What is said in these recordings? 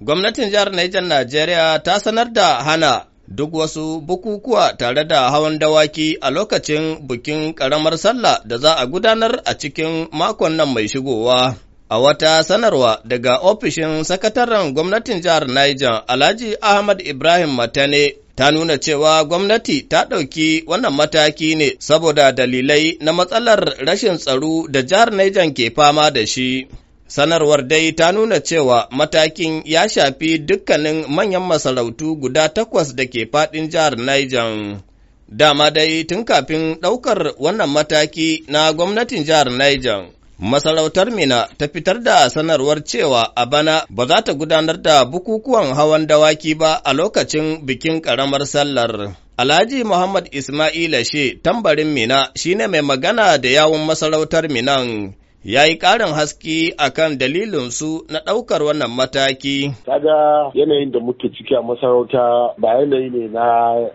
Gwamnatin jihar Niger Najeriya ta sanar da hana duk wasu bukukuwa tare da hawan dawaki a lokacin bukin ƙaramar sallah da za a gudanar a cikin makon nan mai shigowa. A wata sanarwa daga ofishin sakataren gwamnatin jihar Niger Alhaji Ahmad Ibrahim Matane ta nuna cewa gwamnati ta ɗauki wannan mataki ne saboda dalilai na matsalar rashin tsaro da jihar Niger ke fama da shi. Sanarwar dai ta nuna cewa matakin ya shafi dukkanin manyan masarautu guda takwas da ke faɗin jihar Niger. Dama dai tun kafin ɗaukar wannan mataki na gwamnatin jihar Niger, masarautar Mina ta fitar da sanarwar cewa a bana ba za ta gudanar da bukukuwan hawan dawaki ba a lokacin bikin ƙaramar sallar. Alhaji Muhammad Ismaila She tambarin Mina shine mai magana da yawun masarautar Minan. ya yi ƙarin haske kan dalilinsu na ɗaukar wannan mataki. Kaga yanayin da muke ciki a masarauta ba yanayi ne na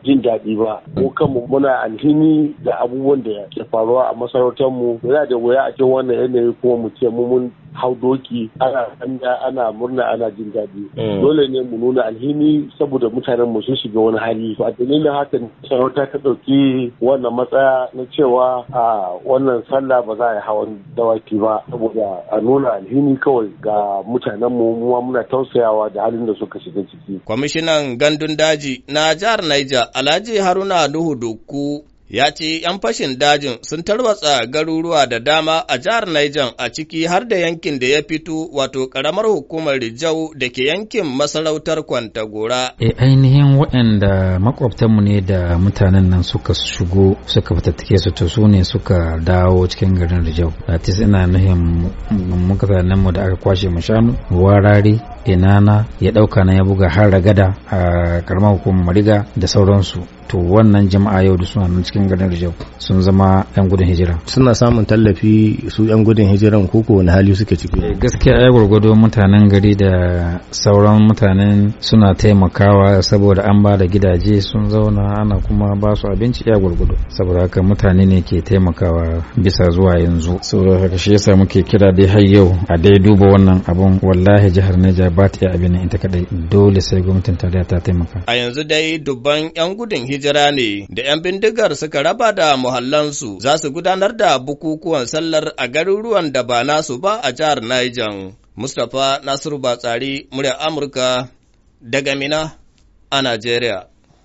jin daɗi ba. Mu kanmu muna alhini da abubuwan da ke faruwa a masarautar mu. Yana da wuya a cikin wannan yanayi kuma mu ce mu mun hau doki ana hanya ana murna ana jin daɗi mm. dole ne mu nuna alhini saboda mutanen mu sun shiga wani hali a dalilin haka sarauta ta ɗauki wannan matsaya na cewa a wannan sallah ba za a yi hawan dawaki ba saboda a nuna alhini kawai ga mutanen mu muwa muna tausayawa da halin da suka shiga ciki kwamishinan gandun daji na jihar Niger Alhaji Haruna Nuhu Doku ya ce ‘yan fashin dajin sun tarwatsa garuruwa da dama a jihar Niger a ciki har da yankin da ya fito wato ƙaramar hukumar Rijau da ke yankin masarautar Kwantagora. E ainihin waɗanda makwabtanmu ne da mutanen nan suka shigo suka fitattake su to su ne suka dawo cikin garin Rijau. Latis ina nuhin mu da aka kwashe mu shanu, warari Ina na ya ɗauka na ya buga har ragada a karamar hukumar mariga da sauransu to wannan jama'a yau da suna nan cikin garin Rijau sun zama yan gudun hijira suna samun tallafi su yan gudun hijiran ko ko wani hali suke ciki eh, gaskiya ya gurgudo mutanen gari da sauran mutanen suna taimakawa saboda an ba da gidaje sun zauna ana kuma ba su abinci ya gurgudo saboda haka mutane ne ke taimakawa bisa zuwa yanzu saboda haka shi yasa muke kira dai har yau a dai duba wannan abun wallahi jihar Niger ba ta iya abin in ta kadai dole sai gwamnatin tarayya ta taimaka. A yanzu dai dubban 'yan gudun hijira ne da 'yan bindigar suka raba da muhallansu za su gudanar da bukukuwan sallar a garuruwan da ba nasu ba a jihar Niger. Mustapha Nasiru Batsari, murya Amurka daga Mina a Najeriya.